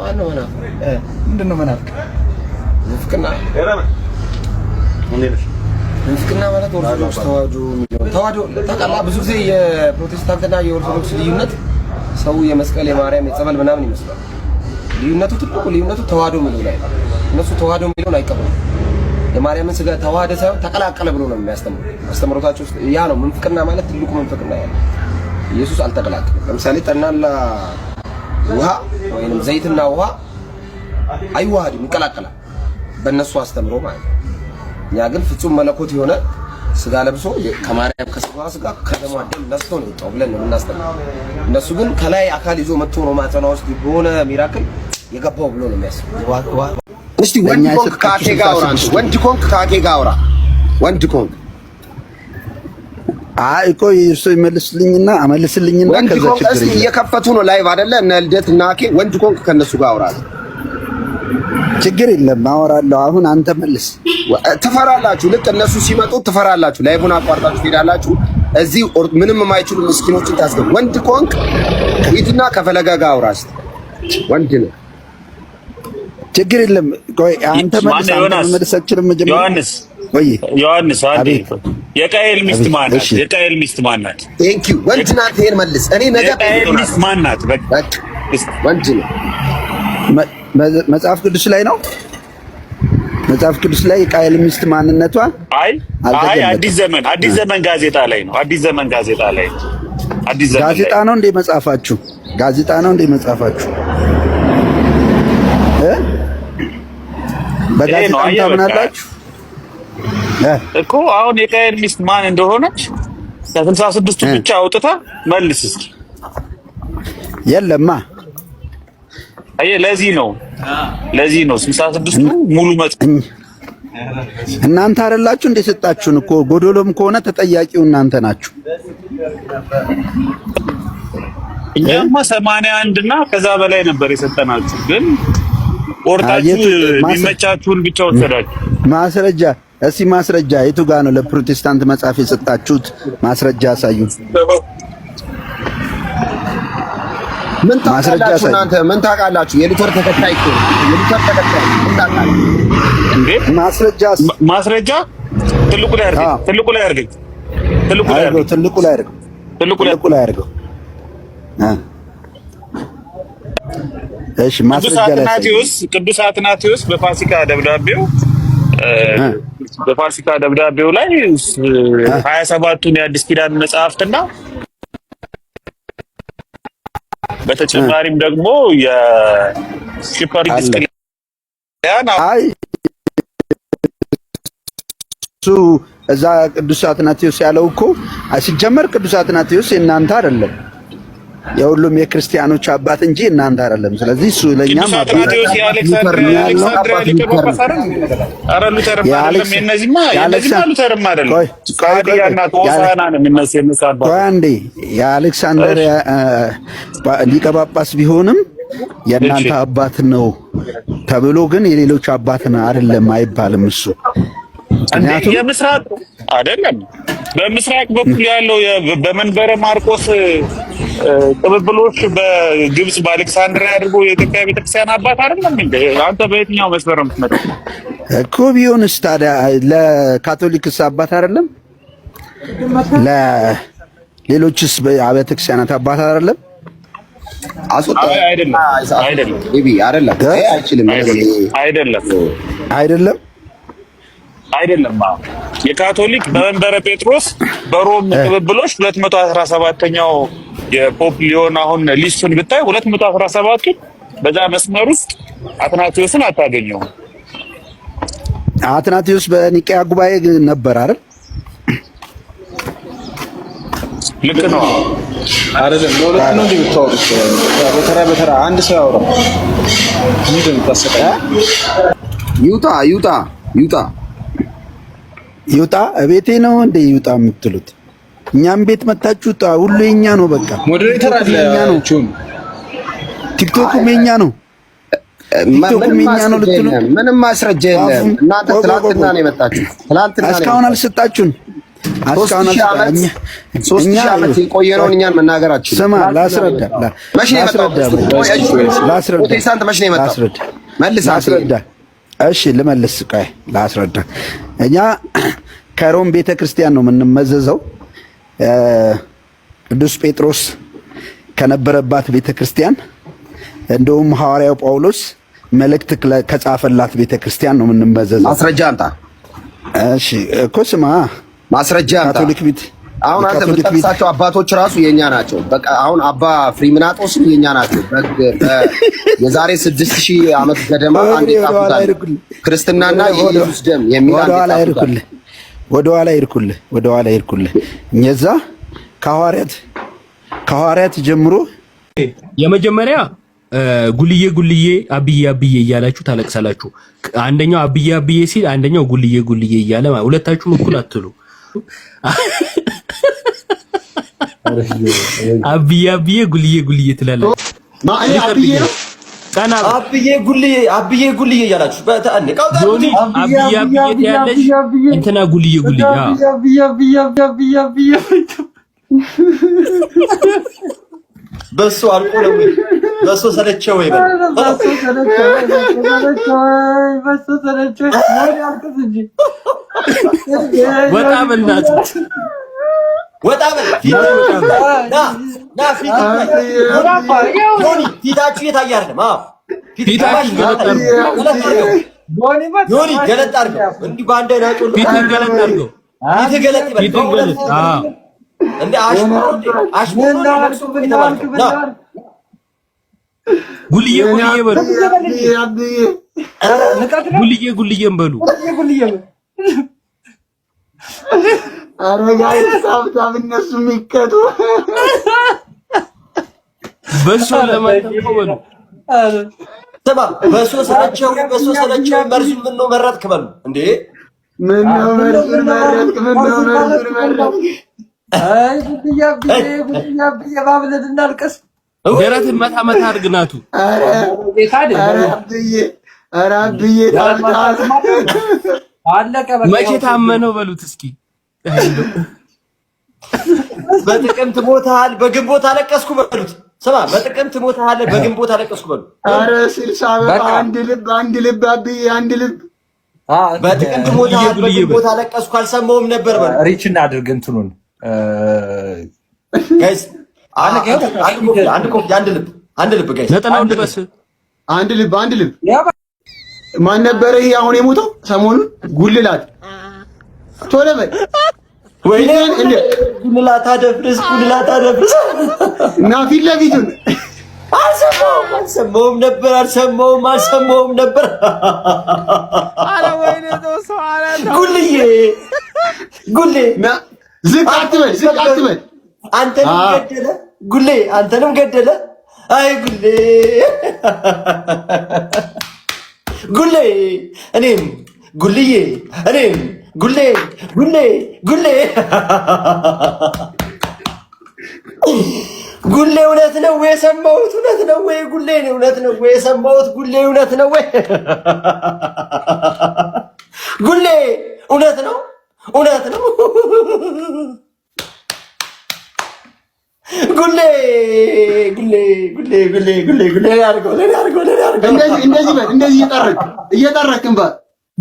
ማነው ንፍቅና ማለት ኦርቶዶክስ ተዋህዶ ተዋህዶ ታውቃለህ። ብዙ ጊዜ የፕሮቴስታንትና የኦርቶዶክስ ልዩነት ሰው የመስቀል የማርያም የጸበል ምናምን ይመስላል። ልዩነቱ ትልቁ ልዩነቱ ተዋህዶ የሚለው ላይ እነሱ ተዋህዶ የሚለውን አይቀበሉም። የማርያምን ስጋ ተዋህደ ሳይሆን ተቀላቀለ ብሎ ነው የሚያስተምሩ። አስተምሮታቸው ውስጥ ያ ነው ምንፍቅና ማለት ትልቁ ምንፍቅና ያለ ኢየሱስ አልተቀላቀለም። ለምሳሌ ጠናላ ውሃ ወይም ዘይትና ውሃ አይዋሃድም፣ ይቀላቀላል በእነሱ አስተምሮ ማለት ነው። እኛ ግን ፍጹም መለኮት የሆነ ስጋ ለብሶ ከማርያም ከስጋ ስጋ ከደሟ ደም ነስቶ ነው የወጣው ብለን ነው የምናስተምረው። እነሱ ግን ከላይ አካል ይዞ መጥቶ ነው ማጸኗ ውስጥ በሆነ ሚራክል የገባው ብሎ ነው የሚያስበው። እስቲ ወንድ ኮንክ ከአኬ ጋር አውራ፣ ወንድ ኮንክ ከአኬ ጋር አውራ፣ ወንድ ኮንክ አይ ቆይ እሱ ይመልስልኝና አመልስልኝና ወንድ ችግር የለም። እየከፈቱ ነው ላይቭ አይደለ? እነ ልደት እና አኬ ወንድ ኮንክ ከነሱ ጋር አወራለሁ። ችግር የለም አወራለሁ። አሁን አንተ መልስ። ትፈራላችሁ። ልክ እነሱ ሲመጡ ትፈራላችሁ። ላይቡን አቋርጣችሁ ትሄዳላችሁ። እዚህ ምንም የማይችሉ ምስኪኖችን ታስገቡ። ወንድ ኮንክ ሂድና ከፈለጋ ጋር አውራ። እስኪ ወንድ ነው ችግር የለም። ቆይ አንተ መልስ። አንተ መልስ አችልም መጀመሪያ ዮሐንስ ቆይ ዮሐንስ አንዴ የቃኤል ሚስት ማናት? ናት? ሚስት ማናት? ቴንክ ዩ ወንድ ናት። ይሄን መልስ። እኔ ነገ የቃኤል ሚስት ማናት? በቃ ወንድ ነው። መጽሐፍ ቅዱስ ላይ ነው። መጽሐፍ ቅዱስ ላይ የቃኤል ሚስት ማንነቷ አይ አይ አዲስ ዘመን አዲስ ዘመን ጋዜጣ ላይ ነው። አዲስ ዘመን ጋዜጣ ላይ ነው። አዲስ ዘመን ጋዜጣ ነው እንዴ መጽሐፋችሁ? ጋዜጣ ነው እንዴ መጽሐፋችሁ? በጋዜጣ ታምናላችሁ? እኮ አሁን የካየል ሚስት ማን እንደሆነች ከስልሳ ስድስቱ ብቻ አውጥታ መልስ እስኪ። የለማ አየህ፣ ለዚህ ነው ለዚህ ነው ስልሳ ስድስቱ ሙሉ መጥ እናንተ አይደላችሁ እንደ ሰጣችሁን እኮ ጎዶሎም ከሆነ ተጠያቂው እናንተ ናችሁ። እኛማ ሰማንያ አንድ እና ከዛ በላይ ነበር የሰጠናችሁ ግን ቆርጣችሁ የሚመቻችሁን ብቻ ወሰዳችሁ። ማስረጃ እስኪ ማስረጃ የቱ ጋ ነው? ለፕሮቴስታንት መጽሐፍ የሰጣችሁት ማስረጃ አሳዩ። ምን ታውቃላችሁ እናንተ? ምን ታውቃላችሁ? የሉተር ተከታይ እኮ የሉተር ተከታይ ምን ማስረጃ ማስረጃ ትልቁ ላይ አድርገው፣ ትልቁ ላይ አድርገው፣ ትልቁ ላይ አድርገው፣ ትልቁ ላይ አድርገው፣ ትልቁ ላይ አድርገው ትልቁ ላይ አድርገው ትልቁ ላይ አድርገው ትልቁ ላይ እሺ ቅዱስ አትናቴዎስ በፋሲካ ደብዳቤው በፋሲካ ደብዳቤው ላይ ሀያ ሰባቱን የአዲስ ኪዳን መጽሐፍትና በተጨማሪም ደግሞ የሺፐርድ አይ እሱ እዛ ቅዱስ አትናቴዎስ ያለው እኮ ሲጀመር ቅዱስ አትናቴዎስ የእናንተ አይደለም። የሁሉም የክርስቲያኖች አባት እንጂ እናንተ አይደለም። ስለዚህ እሱ ለኛም አባታችን የአሌክሳንድሪያ ሊቀ ጳጳስ ቢሆንም የእናንተ አባት ነው ተብሎ ግን የሌሎች አባት አይደለም አይባልም እሱ ምክንያቱም አይደለም። በምስራቅ በኩል ያለው በመንበረ ማርቆስ ቅብብሎች በግብጽ በአሌክሳንድሪያ አድርጎ የኢትዮጵያ ቤተክርስቲያን አባት አይደለም እንዴ? አንተ በየትኛው መስመር የምትመጣው እኮ? ቢሆንስ ታዲያ ለካቶሊክስ አባት አይደለም? ለሌሎችስ አብያተ ክርስቲያናት አባት አይደለም? አይደለም አይደለም አይደለም አይደለም አይደለም የካቶሊክ በመንበረ ጴጥሮስ በሮም ቅብብሎች 217ኛው የፖፕ ሊዮን አሁን ሊስቱን ብታይ 217ቱን በዛ መስመር ውስጥ አትናቴዎስን አታገኘው። አትናቴዎስ በኒቅያ ጉባኤ ነበር አይደል? ልክ ነው አይደለም? በሁለት ነው የምታወሩት። በተራ በተራ አንድ ሰው ምንድን ያወራው ይውጣ ይውጣ ይውጣ ይውጣ እቤቴ ነው እንደ ይውጣ የምትሉት እኛም ቤት መታችሁ ጣ ሁሉ የኛ ነው። በቃ ሞዴሬተር አለ የኛ ነው ቹም ቲክቶኩም የኛ ነው። ቲክቶኩም የኛ ነው ልትሉ ምንም ማስረጃ የለም። እናንተ ትላንትና ነው የመጣችሁ። ትላንትና እስካሁን አልሰጣችሁን። አስካሁን አልሰጣኝ። ሶስት ሺህ ዓመት የቆየነውን እኛን መናገራችሁ። ስማ ላስረዳ፣ ላስረዳ፣ ላስረዳ፣ ላስረዳ እሺ ልመልስ፣ ቆይ ላስረዳ። እኛ ከሮም ቤተ ክርስቲያን ነው የምንመዘዘው። ቅዱስ ጴጥሮስ ከነበረባት ቤተ ክርስቲያን እንደውም ሐዋርያው ጳውሎስ መልእክት ከጻፈላት ቤተ ክርስቲያን ነው የምንመዘዘው። ማስረጃ አምጣ። እሺ እኮ ስማ፣ ማስረጃ አምጣ። ካቶሊክ ቤት አሁን አንተ የምትጠቅሳቸው አባቶች ራሱ የኛ ናቸው። በቃ አሁን አባ ፍሪምናጦስ የኛ ናቸው። የዛሬ ስድስት ሺህ ዓመት ገደማ አንድ ጣፉታል ክርስትናና የኢየሱስ ደም የሚል ወደኋላ ይርኩልህ፣ ወደኋላ ይርኩል እኛዛ ከሐዋርያት ከሐዋርያት ጀምሮ የመጀመሪያ ጉልዬ ጉልዬ አብዬ አብዬ እያላችሁ ታለቅሳላችሁ። አንደኛው አብዬ አብዬ ሲል አንደኛው ጉልዬ ጉልዬ እያለ ሁለታችሁም እኩል አትሉ አብዬ አብዬ ጉልዬ ጉልዬ ትላለህ። አብዬ ጉልዬ አብዬ ጉልዬ እያላችሁ ትያለሽ። እንትና ጉልዬ ጉልዬ በሱ አልቆ ነው በሱ ሰለቸ ወይ በሱ ሰለቸ ወይ በሱ ሰለቸ ሰለቸው ወጣ በል ፊታችሁ የታየ አይደለም። ዮኒ ገለጥ አድርገው እንዲህ በአንድ ናጮ ፊትህ ገለጥ ይበል እንደ አሽሙር ጉልዬ ጉልዬ በሉ ጉልዬ ጉልዬም በሉ አረ ጋይ ሳብታብ እነሱ በሱ በሱ ሰለቸው በሱ ሰለቸው ምን ነው መረጥክ በሉ እንዴ ምን ነው መረጥክ ምን ነው መረጥክ አይ ባብለት መታ መታ አብዬ አብዬ አለቀ በቃ መቼ ታመነው በሉት እስኪ በጥቅምት ሞታል በግንቦት አለቀስኩ በሉት። ስማ በጥቅምት ሞታል በግንቦት አለቀስኩ በሉት። ኧረ ስልሳ አንድ ልብ አንድ ልብ አብዬ አንድ ልብ በጥቅምት ሞታል በግንቦት አለቀስኩ አልሰማሁም ነበር በሉ። ሪች እናድርግ እንትኑን ጋይስ አንድ ልብ አንድ ልብ ጋይስ ነጠላውን ልበስ አንድ ልብ አንድ ልብ ማን ነበረ ይሄ አሁን የሞተው ሰሞኑን ጉልላት ቶሎ በል ወይኔ ጉልላት አደፍርስ ጉልላት አደፍርስ እና አልሰማሁም ነበር አልሰማሁም አልሰማሁም ነበር። አረ ጉልዬ ጉሌ ዝቅ አትበል ዝቅ አትበል። አንተንም ገደለ ጉሌ አንተንም ገደለ። አይ ጉሌ ጉሌ እኔም ጉልዬ እኔም ጉሌ ጉሌ ጉሌ ጉሌ እውነት ነው ወይ የሰማሁት? እውነት ነው ወይ ጉሌ እውነት ነው ወይ የሰማሁት? ጉሌ እውነት ነው ወይ ጉሌ እውነት ነው? እውነት ነው ጉሌ ጉሌ ጉሌ ጉሌ ጉሌ ጉሌ አድርገው ለኔ አድርገው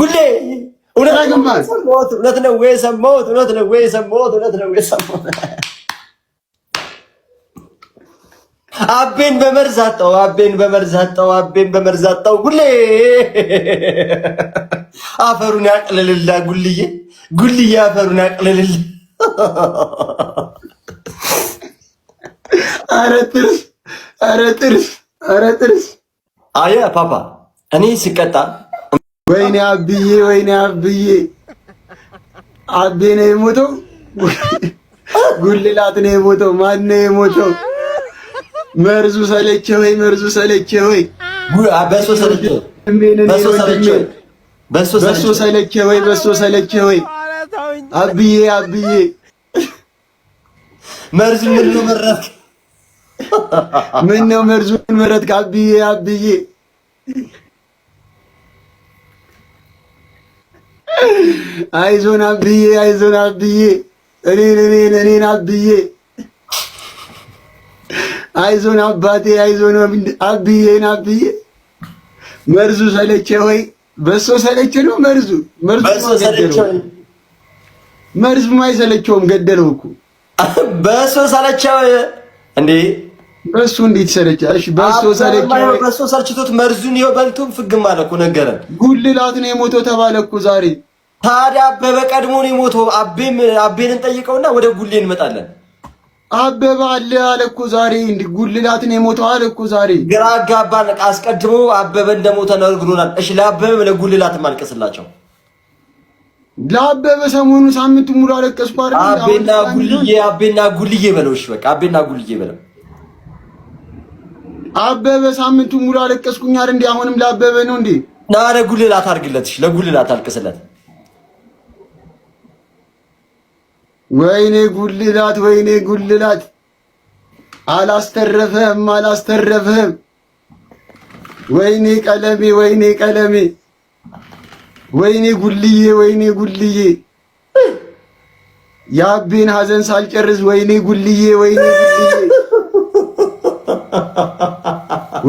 ጉሌ እውነት ነው ወይ እውነት ነው ወይ ሰማሁት? እውነት ነው ወይ ሰማሁት? አቤን በመርዛጣው አቤን በመርዛጣው አቤን በመርዛጣው ጉሌ አፈሩን ያቅልልላ ጉልዬ ጉልዬ አፈሩን ያቅልልላ። ኧረ ጥርስ ኧረ ጥርስ ኧረ ጥርስ አየ ፓፓ እኔ ስቀጣ ወይኔ አብዬ ወይኔ አብዬ አቤ ነው የሞተው፣ ጉልላት ነው የሞተው። ማን ነው የሞተው? መርዙ ሰለቸ ወይ መርዙ ሰለቸ ወይ በሶ ሰለቸ ወይ በሶ ሰለቸ ወይ አብዬ አብዬ መርዙ ምን ነው መረጥክ? ምን ነው መርዙ ምን መረጥክ? አብዬ አብዬ አይዞን አብዬ፣ አይዞን አብዬ፣ እኔን እኔን እኔን አብዬ፣ አይዞን አባቴ፣ አይዞን አብዬን አብዬ። መርዙ ሰለቸ ወይ በሶ ሰለቸ ነው መርዙ። መርዙ ሰለቸው አይሰለቸውም፣ ገደለው እኮ በሶ ሰለቸው እንዴ በሱ እንዴት ሰለቻል? እሺ በሱ ሰለቻል። በሱ ሰልችቶት መርዙን ይኸው በልቶም ፍግም አለ እኮ ነገረን። ጉልላት ነው የሞተው ተባለ እኮ ዛሬ ታዲያ አበበ ቀድሞ ነው የሞተው። አቤም አቤን እንጠይቀውና ወደ ጉሌ እንመጣለን። አበበ አለ አለ እኮ ዛሬ እንደ ጉልላትን የሞተው አለ እኮ ዛሬ ግራ አጋባን። አስቀድሞ አበበ እንደሞተ ነው ነግሮናል። እሺ ለአበበም ለጉልላትም ማልቀስላቸው ለአበበ ሰሞኑ ሳምንት ሙሉ አለቀስኩ አይደል? አቤና ጉልዬ አቤና ጉልዬ በለው። እሺ በቃ አቤና ጉልዬ በለው። አበበ ሳምንቱ ሙሉ አለቀስኩኝ አይደል? እንዴ አሁንም ለአበበ ነው እንዴ? ና ጉልላት አድርግለት። እሺ ለጉልላት አልቀስለት። ወይኔ ጉልላት፣ ወይኔ ጉልላት። አላስተረፈህም፣ አላስተረፈህም። ወይኔ ቀለሜ፣ ወይኔ ቀለሜ፣ ወይኔ ጉልዬ፣ ወይኔ ጉልዬ። የአቤን ሀዘን ሳልጨርስ ወይኔ ጉልዬ፣ ወይኔ ጉልዬ፣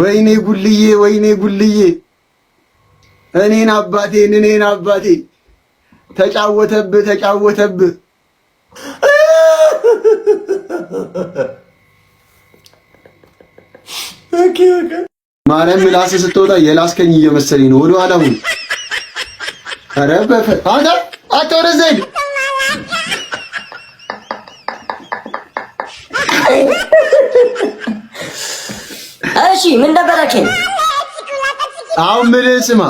ወይኔ ጉልዬ፣ ወይኔ ጉልዬ። እኔን አባቴን፣ እኔን አባቴ ተጫወተብህ፣ ተጫወተብህ ማርያም ምላስ ስትወጣ የላስከኝ እየመሰለኝ ነው። ወደ ኋላ ሁን። ኧረ አንተ አትወረዘኝ። እሺ ምን ነበረከኝ? አሁን ምን ስማ።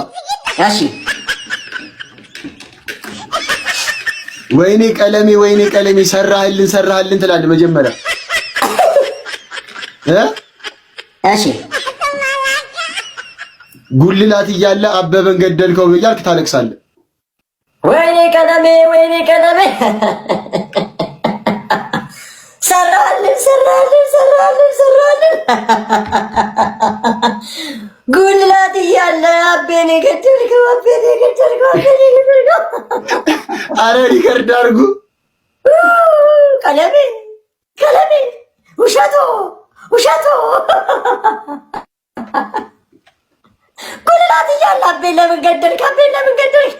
እሺ ወይኔ ቀለሜ ወይኔ ቀለሜ ሰራህልን ሰራህልን ትላለህ መጀመሪያ እ እሺ ጉልላት እያለ አበበን ገደልከው እያልክ ታለቅሳለህ። ወይኔ ቀለሜ ወይኔ ቀለሜ ሰራልን ሰራልን ሰራልን። ጉልላት እያለ አቤን የገደልከው አቤን የገደልከው አቤን የገደልከው። አረ ሪከርድ አርጉ ቀለሜ ቀለሜ ውሸቶ ውሸቶ ጉልላት እያለ አቤን ለምን ገደልክ አቤን ለምን ገደልክ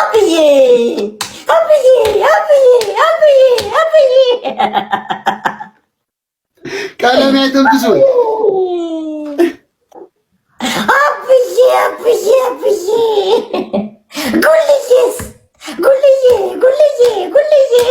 አብዬ አብዬ አብዬ ቀለም አይተብሱ አብዬ አብዬ አብዬ ጉልዬስ ጉልዬ ጉልዬ ጉልዬ